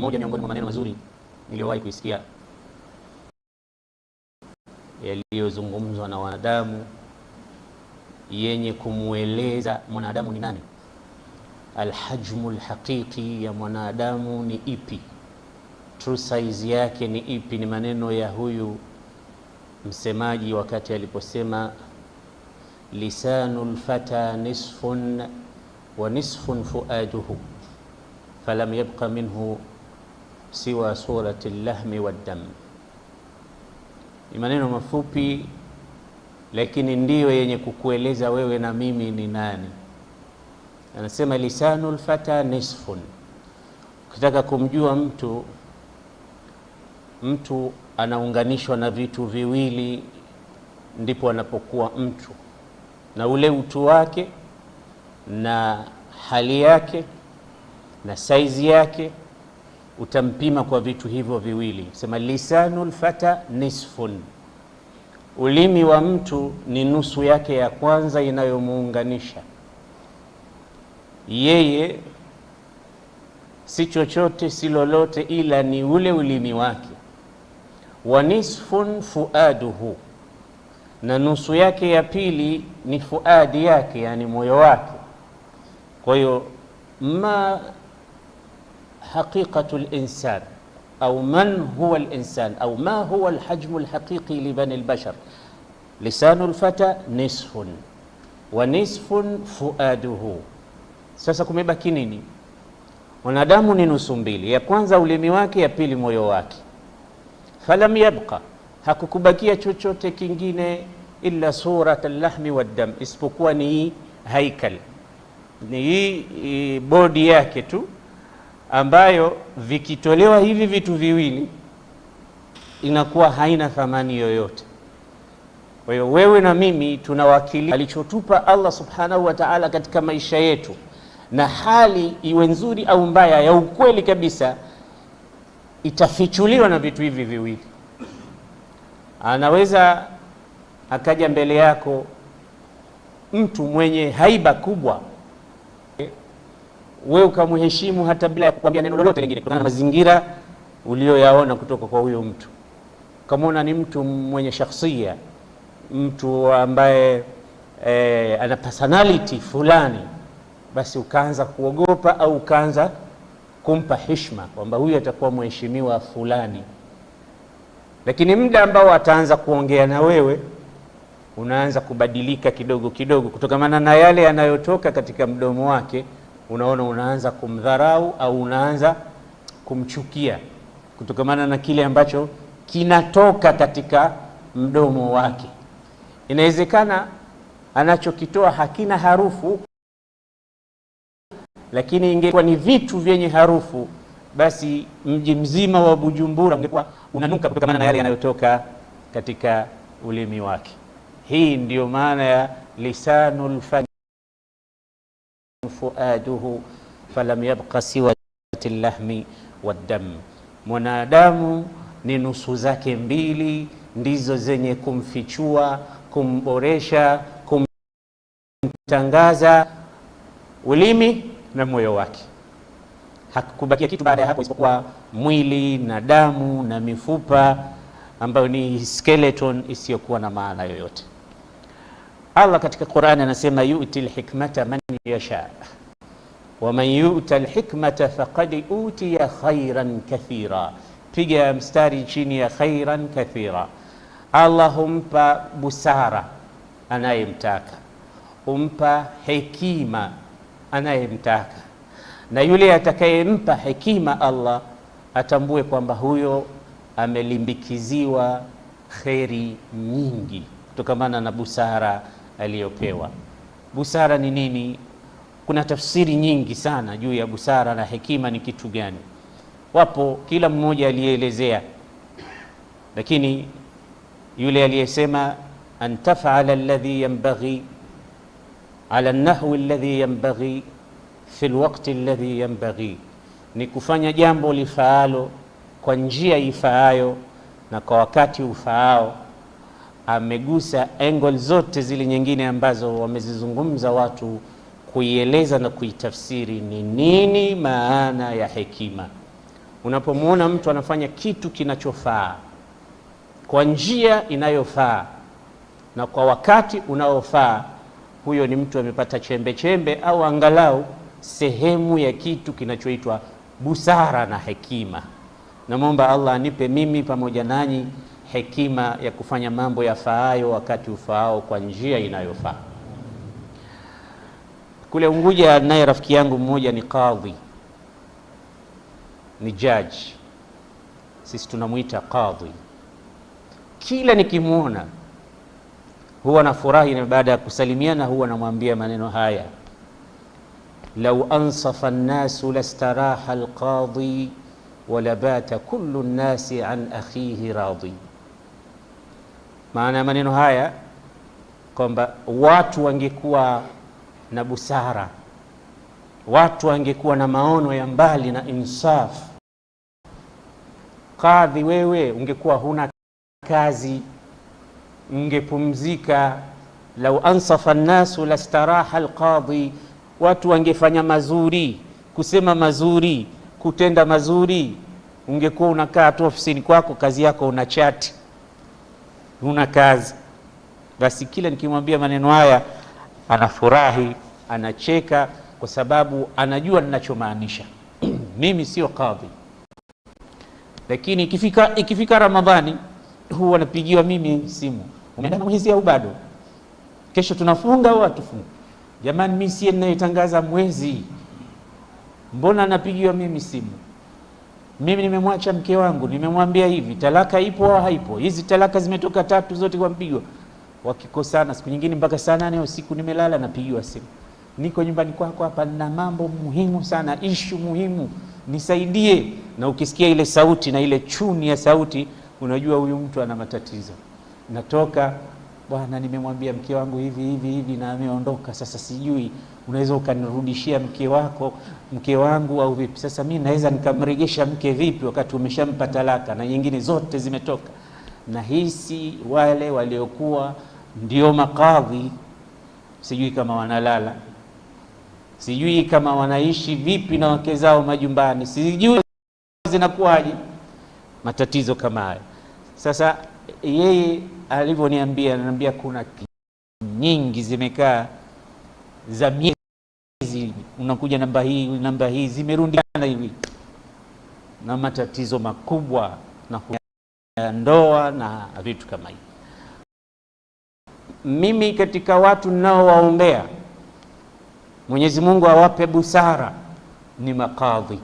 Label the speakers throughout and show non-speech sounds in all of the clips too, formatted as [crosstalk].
Speaker 1: Moja miongoni mwa maneno mazuri niliyowahi kuisikia yaliyozungumzwa na wanadamu yenye kumweleza mwanadamu ni nani, alhajmu alhaqiqi ya mwanadamu ni ipi, true size yake ni ipi, ni maneno ya huyu msemaji wakati aliposema lisanu lfata nisfun wa nisfun fuaduhu falam yabqa minhu siwa surati llahmi waddam. Ni maneno mafupi, lakini ndiyo yenye kukueleza wewe na mimi ni nani. Anasema lisanu lfata nisfun. Ukitaka kumjua mtu, mtu anaunganishwa na vitu viwili ndipo anapokuwa mtu, na ule utu wake na hali yake na saizi yake utampima kwa vitu hivyo viwili. Sema lisanu lfata nisfun, ulimi wa mtu ni nusu yake ya kwanza inayomuunganisha yeye, si chochote si lolote, ila ni ule ulimi wake. Wa nisfun fuaduhu, na nusu yake ya pili ni fuadi yake, yani moyo wake. Kwa hiyo ma haqiqatu linsan au man huwa linsan au ma huwa lhajmu lhaqiqi libani lbashar. Lisanu lfata nisfun wa nisfun fuaduhu. Sasa kumebaki nini? Mwanadamu ni nusu mbili, ya kwanza ulimi wake, ya pili moyo wake. Falam yabqa, hakukubakia chochote kingine illa surat llahmi waddam, isipokuwa ni haikal, ni bodi yake tu ambayo vikitolewa hivi vitu viwili inakuwa haina thamani yoyote. Kwa hiyo wewe na mimi tunawakili alichotupa Allah subhanahu wa ta'ala katika maisha yetu, na hali iwe nzuri au mbaya, ya ukweli kabisa itafichuliwa na vitu hivi viwili. Anaweza akaja mbele yako mtu mwenye haiba kubwa wewe ukamheshimu hata bila ya kukwambia neno lolote lingine, kutokana na mazingira ulioyaona kutoka kwa huyo mtu. Ukamwona ni mtu mwenye shakhsia, mtu ambaye e, ana personality fulani, basi ukaanza kuogopa au ukaanza kumpa heshima kwamba huyu atakuwa mheshimiwa fulani. Lakini muda ambao ataanza kuongea na wewe unaanza kubadilika kidogo kidogo, kutokamana na yale yanayotoka katika mdomo wake unaona unaanza kumdharau au unaanza kumchukia kutokamana na kile ambacho kinatoka katika mdomo wake. Inawezekana anachokitoa hakina harufu, lakini ingekuwa ni vitu vyenye harufu, basi mji mzima wa Bujumbura ungekuwa unanuka kutokamana na yale yanayotoka katika ulimi wake. Hii ndiyo maana ya lisanul fani fuaduhu falam yabqa siwa llahmi waddam, mwanadamu ni nusu zake mbili ndizo zenye kumfichua, kumboresha, kumtangaza: ulimi na moyo wake. Hakubakia kitu baada ya hapo isipokuwa mwili na damu na mifupa ambayo ni skeleton isiyokuwa na maana yoyote. Allah katika Qur'ani anasema yu'ti lhikmata man yasha waman yu'ta lhikmata faqad utiya khairan kathira. Piga mstari chini ya khairan kathira. Allah humpa busara anayemtaka, humpa hekima anayemtaka, na yule atakayempa hekima Allah atambue kwamba huyo amelimbikiziwa kheri nyingi kutokamana na busara aliyopewa. Busara ni nini? Kuna tafsiri nyingi sana juu ya busara na hekima ni kitu gani, wapo kila mmoja aliyeelezea, lakini yule aliyesema an tafala alladhi yanbaghi ala nahwi alladhi yanbaghi fi lwakti alladhi yanbaghi, ni kufanya jambo lifaalo kwa njia ifaayo na kwa wakati ufaao amegusa angle zote zile nyingine ambazo wamezizungumza watu kuieleza na kuitafsiri ni nini maana ya hekima. Unapomwona mtu anafanya kitu kinachofaa kwa njia inayofaa na kwa wakati unaofaa, huyo ni mtu amepata chembe chembe au angalau sehemu ya kitu kinachoitwa busara na hekima. Namwomba Allah anipe mimi pamoja nanyi hekima ya kufanya mambo yafaayo wakati ufaao kwa njia inayofaa. Kule Unguja naye rafiki yangu mmoja ni kadhi, ni jaji, sisi tunamwita kadhi. Kila nikimwona huwa na furahi, na baada ya kusalimiana huwa namwambia maneno haya, lau ansafa nnasu lastaraha alqadhi walabata kullu nnasi an akhihi radhi maana ya maneno haya kwamba watu wangekuwa na busara, watu wangekuwa na maono ya mbali na insaf, kadhi, wewe ungekuwa huna kazi, ungepumzika. Lau ansafa nnasu lastaraha alqadhi, watu wangefanya mazuri, kusema mazuri, kutenda mazuri. Ungekuwa unakaa tu ofisini kwako, kazi yako una chati huna kazi. Basi kila nikimwambia maneno haya anafurahi, anacheka, kwa sababu anajua ninachomaanisha. [clears throat] Mimi sio kadhi, lakini ikifika, ikifika Ramadhani huwa anapigiwa mimi simu, umeenda mwezi au bado? Kesho tunafunga au hatufungi? Jamani, mimi siye ninayetangaza mwezi, mbona anapigiwa mimi simu? mimi nimemwacha mke wangu, nimemwambia hivi, talaka ipo au haipo? Hizi talaka zimetoka tatu zote kwa mpigo. Wakikosana siku nyingine mpaka saa nane usiku nimelala, napigiwa simu, niko nyumbani kwako hapa, nina mambo muhimu sana, ishu muhimu, nisaidie. Na ukisikia ile sauti na ile chuni ya sauti, unajua huyu mtu ana matatizo. Natoka bwana, nimemwambia mke wangu hivi hivi hivi na ameondoka, sasa sijui unaweza ukanirudishia mke wako mke wangu au vipi? Sasa mi naweza nikamrejesha mke vipi wakati umeshampa talaka na nyingine zote zimetoka? Nahisi wale waliokuwa ndio makadhi, sijui kama wanalala, sijui kama wanaishi vipi na wake zao majumbani, sijui zinakuwaje matatizo kama haya. Sasa yeye alivyoniambia, ananiambia kuna nyingi zimekaa za hizi unakuja namba hii namba hii zimerundikana hivi, na matatizo makubwa na ya ndoa na vitu kama hivi. Mimi katika watu ninaowaombea Mwenyezi Mungu awape busara ni makadhi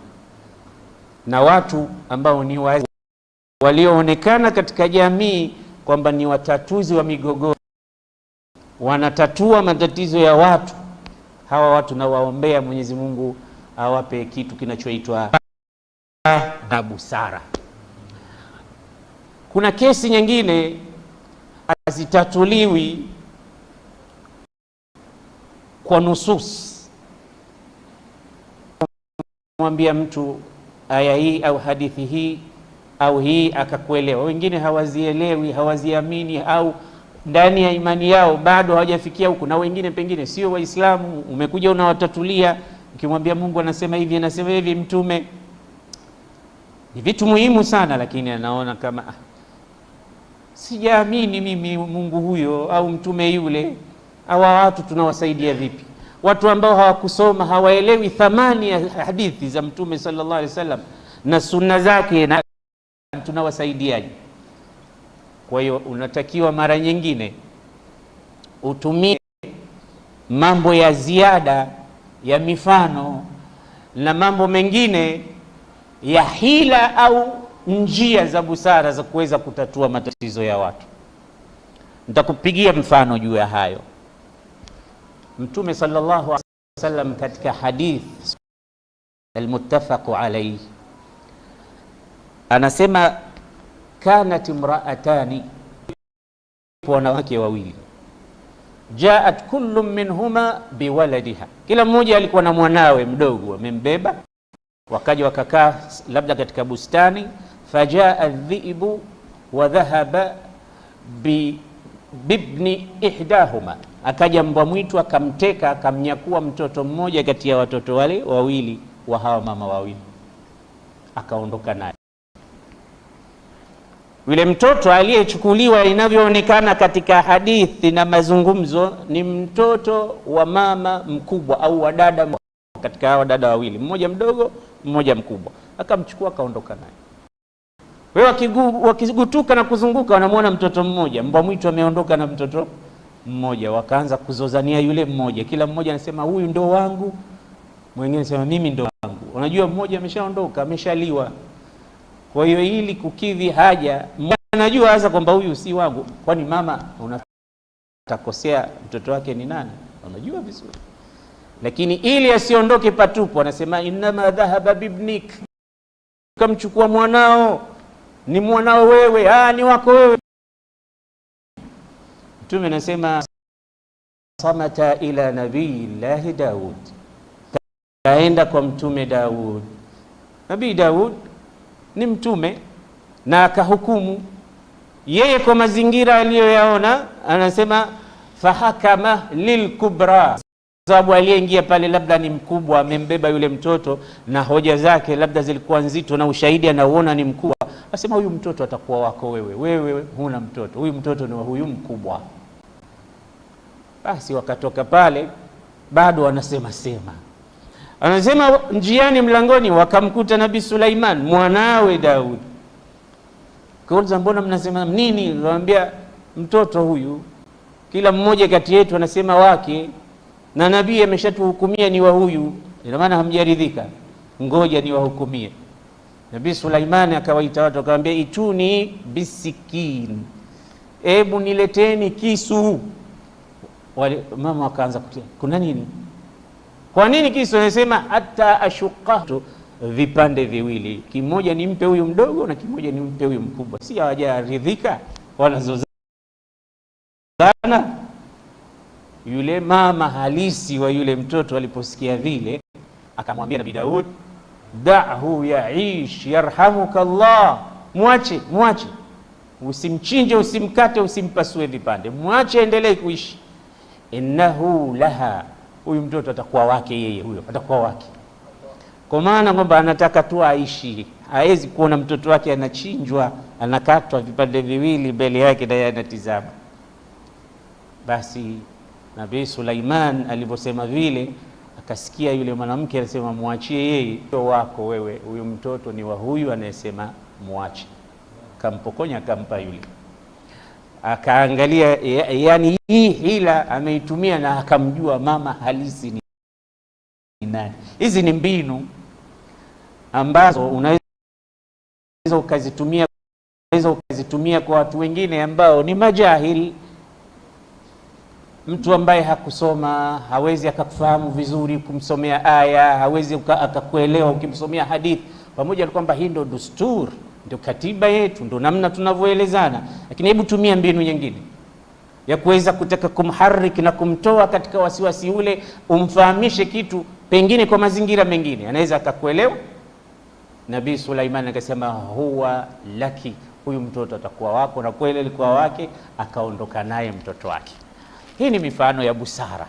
Speaker 1: na watu ambao ni wazi walioonekana katika jamii kwamba ni watatuzi wa migogoro, wanatatua matatizo ya watu hawa watu nawaombea Mwenyezi Mungu awape kitu kinachoitwa na busara. Kuna kesi nyingine hazitatuliwi kwa nusus, kumwambia mtu aya hii au hadithi hii au hii akakuelewa. Wengine hawazielewi, hawaziamini au ndani ya imani yao bado hawajafikia huko, na wengine pengine sio Waislamu. Umekuja unawatatulia, ukimwambia Mungu anasema hivi, anasema hivi, mtume ni vitu muhimu sana, lakini anaona kama ah, sijaamini mimi Mungu huyo au mtume yule. Hawa watu tunawasaidia vipi? Watu ambao hawakusoma hawaelewi thamani ya hadithi za mtume sallallahu alaihi wasallam na sunna zake, na tunawasaidiaje? Kwa hiyo unatakiwa mara nyingine utumie mambo ya ziada ya mifano na mambo mengine ya hila au njia za busara za kuweza kutatua matatizo ya watu. Nitakupigia mfano juu ya hayo. Mtume sallallahu alaihi wasallam katika hadith almuttafaqu alaihi anasema kanat imraatani, wanawake wawili. Jaat kullu minhuma biwaladiha, kila mmoja alikuwa na mwanawe mdogo amembeba. Wakaja wakakaa labda katika bustani. Fajaa dhiibu wa dhahaba bi bibni ihdahuma, akaja mbwa mwitu akamteka akamnyakua mtoto mmoja kati ya watoto wale wawili wa hawa mama wawili, akaondoka naye. Yule mtoto aliyechukuliwa inavyoonekana katika hadithi na mazungumzo ni mtoto wa mama mkubwa au wa dada katika hawa dada wawili, mmoja mdogo, mmoja mkubwa. Akamchukua akaondoka naye. We wakigutuka na kuzunguka, wanamwona mtoto mmoja, mbwa mwitu ameondoka na mtoto mmoja. Wakaanza kuzozania yule mmoja, kila mmoja anasema huyu ndo wangu, mwingine anasema mimi ndo wangu. Unajua mmoja ameshaondoka, ameshaliwa. Kwa hiyo ili kukidhi haja, anajua hasa kwamba huyu si wangu. Kwani mama unatakosea mtoto wake ni nani? anajua vizuri, lakini ili asiondoke patupu, anasema innama dhahaba bibnik, kamchukua mwanao, ni mwanao wewe, ah, ni wako wewe. Mtume anasema samata ila nabiyillahi Daud, kaenda kwa mtume Daud, nabii Daud ni mtume na akahukumu yeye kwa mazingira aliyoyaona, anasema fahakama lilkubra, sababu aliyeingia pale labda ni mkubwa, amembeba yule mtoto na hoja zake labda zilikuwa nzito, na ushahidi anauona ni mkubwa, asema huyu mtoto atakuwa wako wewe, wewe huna mtoto, huyu mtoto ni wa huyu mkubwa. Basi wakatoka pale bado wanasema sema Anasema njiani, mlangoni wakamkuta nabi Sulaiman mwanawe Daudi. Kauliza, mbona mnasema nini? Nikamwambia mtoto huyu, kila mmoja kati yetu anasema wake, na nabii ameshatuhukumia ni wa huyu, ina maana hamjaridhika, ngoja niwahukumie. nabi Sulaiman akawaita watu akawaambia, ituni bisikin, ebu nileteni kisu. Wale mama wakaanza kutia, kuna nini? Kwa nini kiso yasema hata ashukatu vipande viwili, kimoja nimpe huyu mdogo na kimoja nimpe huyu mkubwa? Si hawajaridhika wanazozana. Yule mama halisi wa yule mtoto aliposikia vile, akamwambia Nabii Daud, dahu yaish yarhamuka Allah, mwache mwache, usimchinje, usimkate, usimpasue vipande, mwache endelee kuishi, innahu laha huyu mtoto atakuwa wake yeye, huyo atakuwa wake, kwa maana kwamba anataka tu aishi. Hawezi kuona mtoto wake anachinjwa, anakatwa vipande viwili mbele yake, naye anatizama. Basi Nabii Sulaiman aliposema vile, akasikia yule mwanamke anasema, mwachie yeye, sio wako wewe, huyu mtoto ni wa huyu anayesema mwache. Kampokonya, akampa yule akaangalia, yani hii hila ameitumia na akamjua mama halisi ni nani. Hizi ni mbinu ambazo unaweza ukazitumia unaweza ukazitumia kwa watu wengine ambao ni majahili, mtu ambaye hakusoma hawezi akakufahamu vizuri, kumsomea aya hawezi akakuelewa ukimsomea hadithi, pamoja na kwamba hii ndo dusturi ndio katiba yetu, ndio namna tunavyoelezana. Lakini hebu tumia mbinu nyingine ya kuweza kutaka kumhariki na kumtoa katika wasiwasi ule, umfahamishe kitu pengine kwa mazingira mengine anaweza akakuelewa. Nabii Sulaiman akasema huwa laki, huyu mtoto atakuwa wako, na kweli alikuwa wake, akaondoka naye mtoto wake. Hii ni mifano ya busara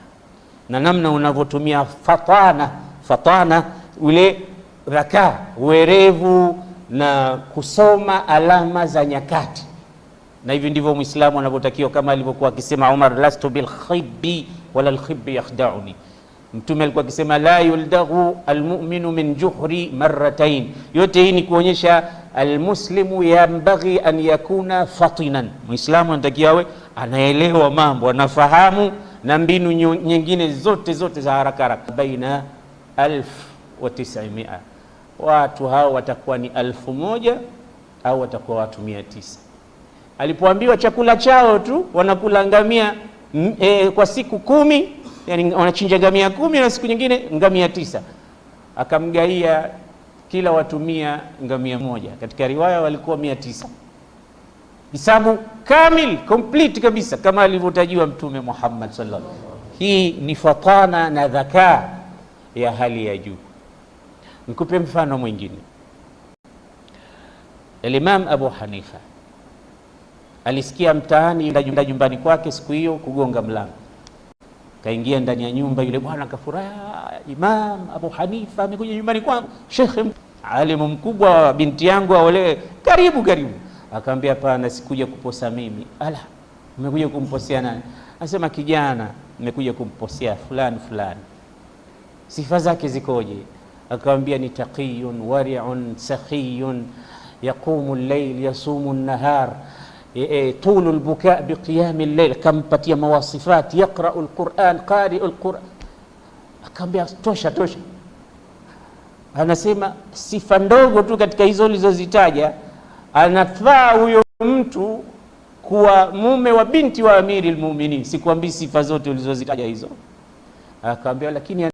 Speaker 1: na namna unavyotumia fatana fatana, ule rakaa, uwerevu na kusoma alama za nyakati, na hivi ndivyo Muislamu anavyotakiwa, kama alivyokuwa akisema Umar, lastu bil khibbi wala al khibbi yakhda'uni. Mtume alikuwa akisema la yuldaghu almu'minu min juhri marratain. Yote hii ni kuonyesha almuslimu yambaghi an yakuna fatinan, Muislamu anatakiwa awe anaelewa mambo, anafahamu na mbinu nyingine zote zote za haraka haraka baina 1900 watu hao watakuwa ni alfu moja au watakuwa watu mia tisa. Alipoambiwa chakula chao tu wanakula ngamia mm, e, kwa siku kumi, yani wanachinja ngamia kumi na siku nyingine ngamia tisa, akamgaia kila watu mia ngamia moja. Katika riwaya walikuwa mia tisa. Hisabu kamil complete kabisa kama alivyotajiwa Mtume Muhammad sallallahu alaihi wasallam. Hii ni fatana na dhakaa ya hali ya juu. Nikupe mfano mwingine. Alimam Abu Hanifa alisikia mtaani, enda nyumbani kwake siku hiyo kugonga mlango, kaingia ndani ya nyumba. Yule bwana kafuraha, ah, Imam Abu Hanifa amekuja nyumbani kwangu, shekhe alimu mkubwa wa binti yangu aolewe, karibu karibu. Akamwambia, hapana, sikuja kuposa mimi. Ala, umekuja kumposea nani? asema kijana, nimekuja kumposea fulani fulani. Sifa zake zikoje? akawambia ni taqiyun wari'un sakhiyun yaqumu llail yasumu an-nahar e, e, tulu al-buka bi akampatia mawasifat yaqra'u al qari'u lquran akawambia tosha tosha. Anasema sifa ndogo tu katika hizo ulizozitaja anafaa huyo mtu kuwa mume wa binti wa amiri lmuminin. Sikwambii sifa zote ulizozitaja hizo, akaambia lakini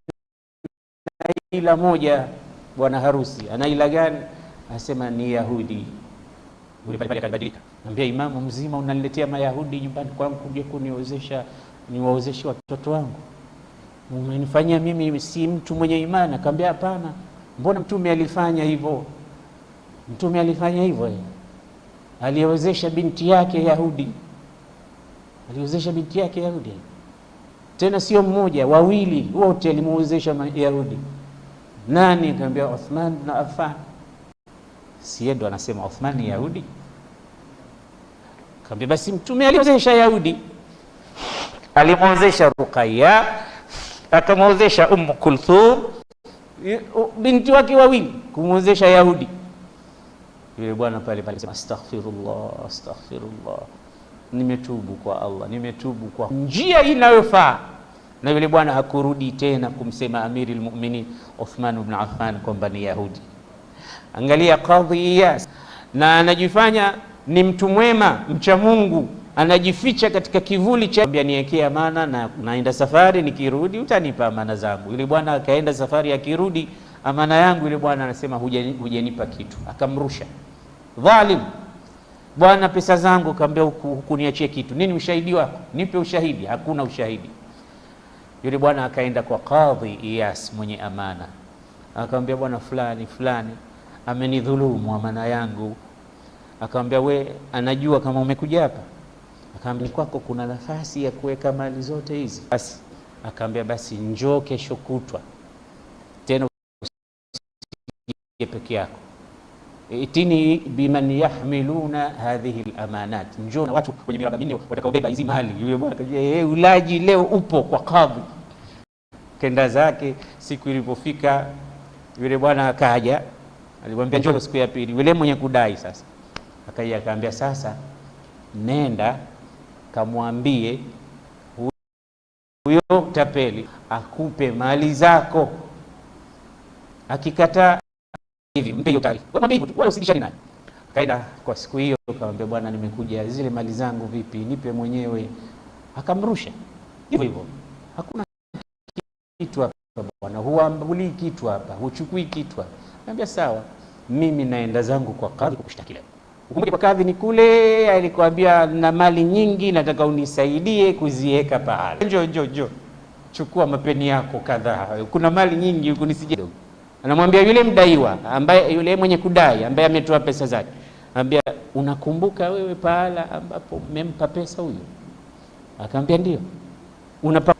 Speaker 1: Ila moja bwana harusi ana ila gani? anasema ni Yahudi. Yule pale pale anambia imamu, mzima unaniletea mayahudi nyumbani kwangu kuja kuniozesha niwaozeshe watoto wangu, umenifanyia mimi si mtu mwenye imani? Akaambia hapana, mbona mtume alifanya hivyo? Mtume alifanya hivyo, eh. aliozesha binti yake Yahudi, aliwezesha binti yake Yahudi, tena sio mmoja, wawili wote alimuozesha Yahudi. Nani? Nikamwambia Uthman na Affan. Siye ndo anasema Uthman ni Yahudi? Kaambia basi mtume aliozesha Yahudi, alimwozesha Ruqayya, akamwozesha Umm Kulthum, binti wake wawili, kumwozesha Yahudi. Yule bwana pale pale sema astaghfirullah, astaghfirullah, nimetubu kwa Allah, nimetubu kwa njia inayofaa na yule bwana hakurudi tena kumsema Amiri Mu'minin Uthman bn Affan kwamba ni Yahudi. Angalia Qadhi Iyas, na anajifanya ni mtu mwema mcha Mungu, anajificha katika kivuli cha ambia niekea amana na naenda safari, nikirudi utanipa amana zangu. Yule bwana akaenda safari, akirudi amana yangu, yule bwana anasema hujanipa kitu, akamrusha dhalim bwana, pesa zangu. Kaambia hukuniachie kitu nini? Ushahidi wako nipe ushahidi. Hakuna ushahidi. Yule bwana akaenda kwa Kadhi Iyas mwenye amana, akamwambia bwana fulani fulani amenidhulumu amana yangu. Akamwambia we, anajua kama umekuja hapa? Akamwambia kwako kuna nafasi ya kuweka mali zote hizi basi. akamwambia basi njoo kesho kutwa tena peke yako, itini biman yahmiluna hadhihi lamanat, njoo na watu kwenye miraba minne watakaobeba hizi mali. Yule bwana akaambia, eh, ulaji leo upo kwa kadhi kenda zake. Siku ilipofika yule bwana akaja, alimwambia njoo siku ya pili. Yule mwenye kudai sasa akaja akaambia, sasa nenda kamwambie huyo tapeli akupe mali zako, akikataa hivi mpe hiyo tari, wala usibishane naye. Kaenda kwa siku hiyo, kamwambia bwana, nimekuja zile mali zangu, vipi nipe mwenyewe? Akamrusha hivyo hivyo, hakuna kitu hapa bwana, huambulii kitu hapa, huchukui kitu hapa. Naambia sawa, mimi naenda zangu kwa kadhi kukushtaki leo. Ukumbuke kwa kadhi ni kule alikwambia, na mali nyingi, nataka unisaidie kuziweka pahala. Njo njo njo, chukua mapeni yako kadhaa, kuna mali nyingi huku, nisije. Anamwambia yule mdaiwa, ambaye yule mwenye kudai, ambaye ametoa pesa zake, anambia, unakumbuka wewe pahala ambapo mmempa pesa huyo? Akamwambia ndio. Unapa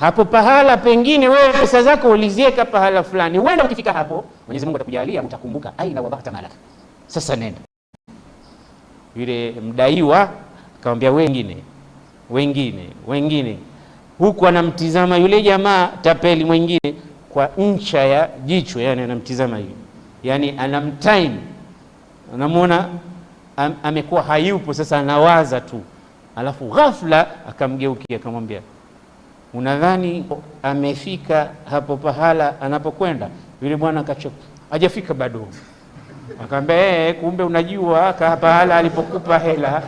Speaker 1: hapo pahala pengine wewe pesa zako ulizieka pahala fulani, wenda ukifika hapo Mwenyezi Mungu atakujalia utakumbuka, aina wabata malaka. Sasa nenda. Yule mdaiwa akamwambia wengine, wengine, wengine, huku anamtizama yule jamaa tapeli mwingine kwa ncha ya jicho, yani anamtizama hiyo, yani anamtime, anamwona am, amekuwa hayupo sasa, anawaza tu, alafu ghafla akamgeukia akamwambia Unadhani amefika hapo pahala anapokwenda? Yule bwana akacheka, hajafika bado. Akaambia ee, eh, eh, kumbe unajua ka pahala alipokupa hela.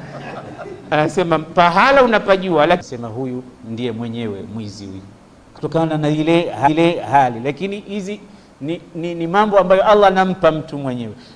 Speaker 1: Anasema pahala unapajua, lakini sema huyu ndiye mwenyewe mwizi huyu, kutokana na ile ile hali. Lakini hizi ni, ni, ni mambo ambayo Allah anampa mtu mwenyewe.